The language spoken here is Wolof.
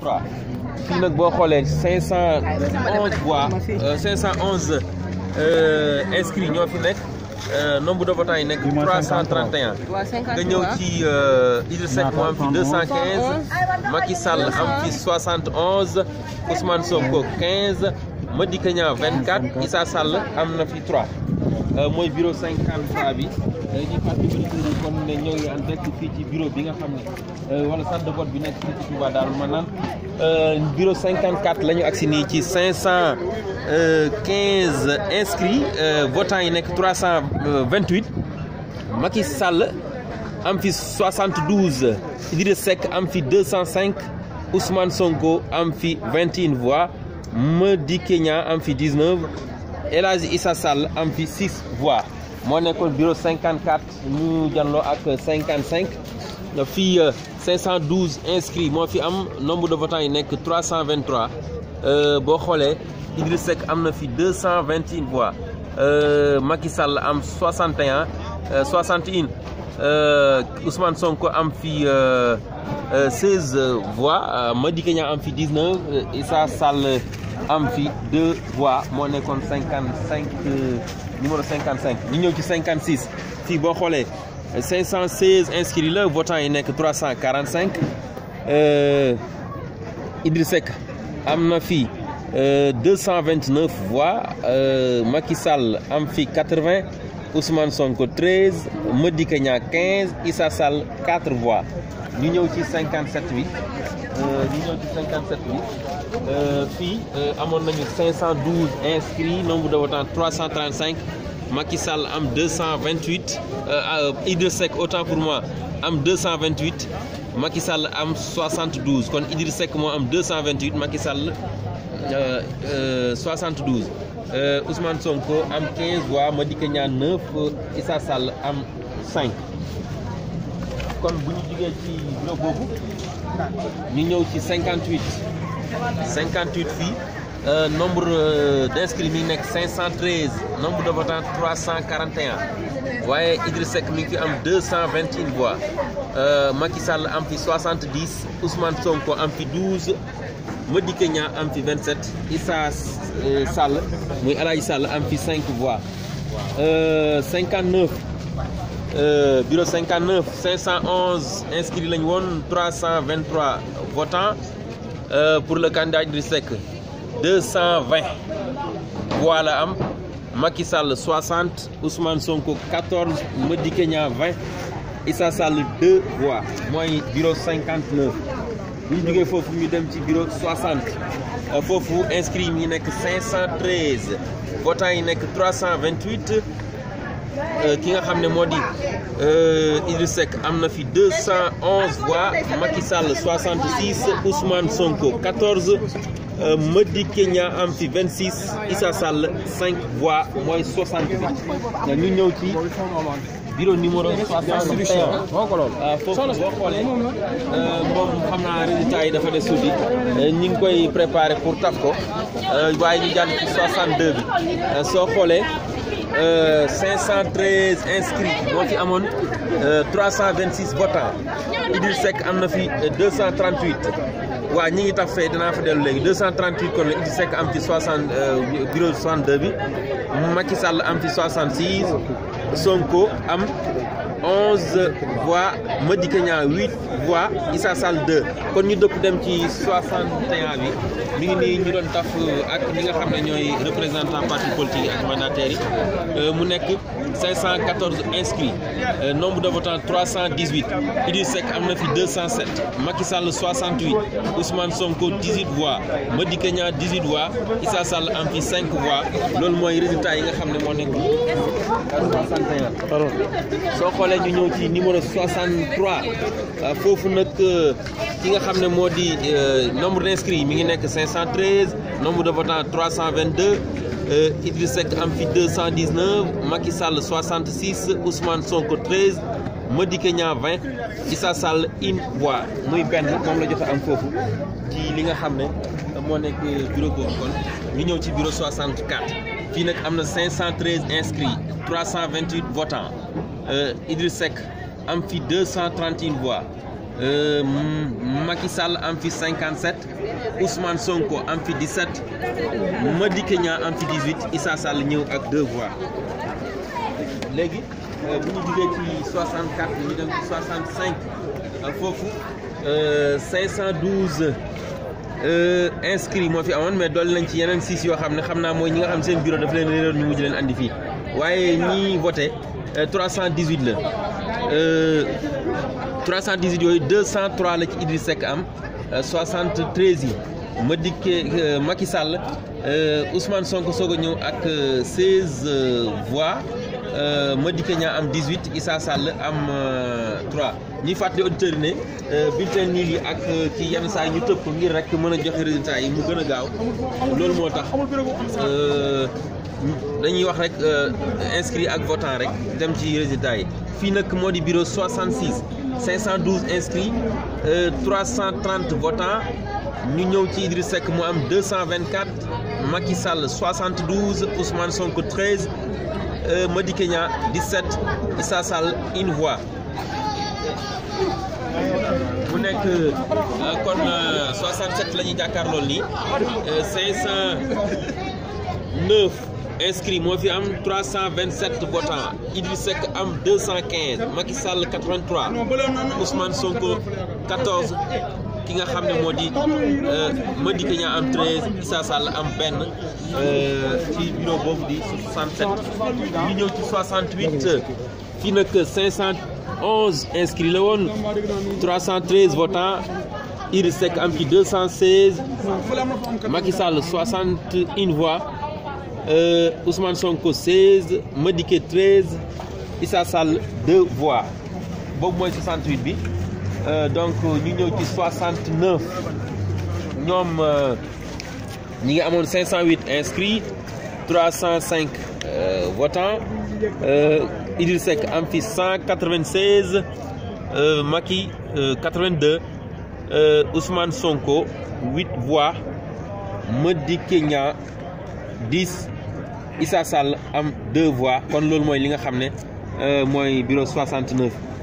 3 fii nag boo xoolee 511 voix 511 euh, euh, inscrits ñoo fi nekk euh, nombre de votants yi nekk 331 nga ñëw ci Idrissa Seck mu am fi 215 Macky Sall am fi 71 Ousmane Sonko 15 Madické Niang 24 Issa Sall am na fi 3 mooy bureau 53 bi. dañuy fàttali auditeurs ci bureau bi nga xam ne euh, wala salle de vote bi nekk fii ci Touba Darou Manane euh, bureau 54 la ñu agsi nii ci 515 euh, inscrits votants yi nekk 328 Macky Sall am fi 72 Idriss Seck am fi 205 Ousmane Sonko am fi 21 voix Madické Niang am fi 19 El Hadji Issa Sall am fi 6 moo nekkoon bureau 54 ñu janloo ak 55 fii 512 euh, inscrits moo fi am nombre de votants yi nekk 323 euh, boo xoolee Idriss Seck am na fi 221 voix euh, Macky Sall am 61 61 Ousmane Sonko am fi 16 voix Madické Niang am fi 19 Issa Sall am fi 2 moo nekkoon 55. numéro 55 ñu ñëw ci 56 fii boo xoolee 516 inscrits la votan yi nekk 345 euh, Idriss Seck am na fii 229 euh, voix euh, Macky Sall am fi 80. Ousmane Sonko 13 Madické Niang 15 Issa Sall 4 voix ñu ñëw ci 57 bi euh, ñu ñëw ci 57 bi euh, fii euh, amoon nañu 512 inscrits nombre de votants 335 Macky Sall am 228 Idrissa Seck autant pour moi am 228 Macky Sall am 72 kon Idrissa Seck moo am 228 Macky Sall. 72 euh, euh, Ousmane Sonko am 15 voix Madické Niang 9 Issa Sall am 5 kon bu ñu jugee ci bureau boobu ñu ñëw ci 58 58 fii euh, nombre d'inscrits mi ngi nekk 513 nombre de votants 341 waaye Idriss Seck mi ngi fi am 221 voix ki Sall am fi 70 Ousmane Sonko am fi 12. Madické Niang am fi 27 Issa euh, Sall muy El Hadj Sall am fi 5 voix. 59 euh, euh, bureau 59 511 lañ woon 323 votants pour le candidat Idriss Seck 220 voix la am Macky Sall 60 Ousmane Sonko 14 Madické Niang 20 Issa Sall 2 mooy bureau bu ñu jógee foofu ñu dem ci bureau 60 euh, foofu inscrits yi nekk 513 votants yi nekk cent vingt 328 euh, ki nga xam ne moo di euh, Idriss Seck am na fi 211 voix Macky Sall 66 Ousmane Sonko 14 Madi Kenya am fi 26 Issa Sall 5 voix mooy 60 ñu ñëw ci. bureau numéro 361 waaw euh, foofu boo xoolee euh, moom xam naa résultat yi dafa des tuuti euh, ñi ngi koy préparé pour taf ko waaye ñu jàll ci 62 bi soo xoolee 513 inscrits moo ci amoon 326 votants Idil Seck am na fi 238 waaw ñu ngi tax fee danaa fa dellu léegi 238 kon la Idil Seck am ci 60 bureau 62 bi Macky Sall am ci 66 Sonko am 11 voix Madické Niang 8 voix Issa kon ñu dëpp dem ci 61 bi mi ngi nii ñu doon taf ak ñi nga xam ne ñooy représentant parti politique ak mandataires yi euh, mu nekk. 514 inscrits euh, nombre de votants 318 Idrissa Seck am na fi 207 Macky Sall 68 Ousmane Sonko 18 voix Madické Niang 18 voix Issa Sall am fi 5 voix loolu mooy résultat yi nga xam ne moo nekk 361 soo xoolee ñu ñëw ci numéro 63 euh, foofu nag euh, ki nga xam ne moo di nombre d' yi mi ngi nekk 513 nombre de cent vingt 322 Euh, Idriss Seck am fi 219 Macky Sall 66 Ousmane Sonko 13 Madické Niang 20 Issa Sall une voix muy benn moom la jot am foofu ci li nga xam ne moo nekk bureau boobu ñu ñëw ci bureau 64 fii nag am na 513 inscrits 328 votants euh, Idriss Seck am fi 231 voix euh, Macky Sall am fi 57. Ousmane Sonko am fi ma Madické Niang am fi 18 Issa Sall ñëw ak 2 voix léegi euh, bu ñu jugee ci 64 ñu dem ci 65 euh, foofu 512 euh, inscrits moo fi amoon mais dolli nañ ci yeneen 6 yoo xam ne xam naa mooy ñi nga xam seen biro daf leen réeroon ñu mujj leen andi fii waaye ñii ñi voté 318 la 318 yooyu 203 la ci Idriss Seck am. 73 euh, yi ma dikkee euh, Macky Sall euh, Ousmane Sonko soog a ñëw ak 16 voix Madické ñaa am 18 Issa Sall am 3 ñuy fàttali auditeurs yi ne niil yi ak ci yenn saa yi ñu tëpp ngir rek mën a joxe résultats yi mu gën a gaaw loolu moo tax dañuy wax rek inscrit ak votant rek dem ci résultats yi fii nag moo di bureau 66. 512 inscrits 330 euh, votants ñu ñëw ci Idriss mu am 224 Macky Sall 72 Ousmane Sonko 13 Madické Niang 17 Issa Sall une voix. mu nekk euh, kon 67 euh, la ñuy jàkkaarloo nii 509. inscrit moo fi am 327 votants Idriss Seck am 215 Macky Sall 83 Ousmane Sonko 14 ki nga xam ne moo di euh, Madické Niang am 13 Issa Sall am benn euh, ci bureau boobu di 67 ñu ñëw ci 68 fii nag 511 inscrits la woon 313 votants Idriss Seck am ci 216 Macky Sall 61 voix. euh, Ousmane Sonko 16 Madické 13 Issa Sall 2 boobu mooy 68 bi euh, donc ñu ñëw ci 69 ñoom euh, ñi ngi amoon 508 inscrits 305 euh, votants euh, Idriss Seck am fi 196 Macky 82 Ousmane Sonko 8 voix Madické Niang dix Issa Sall am deux voix kon loolu mooy li nga xam ne euh, mooy bureau 69.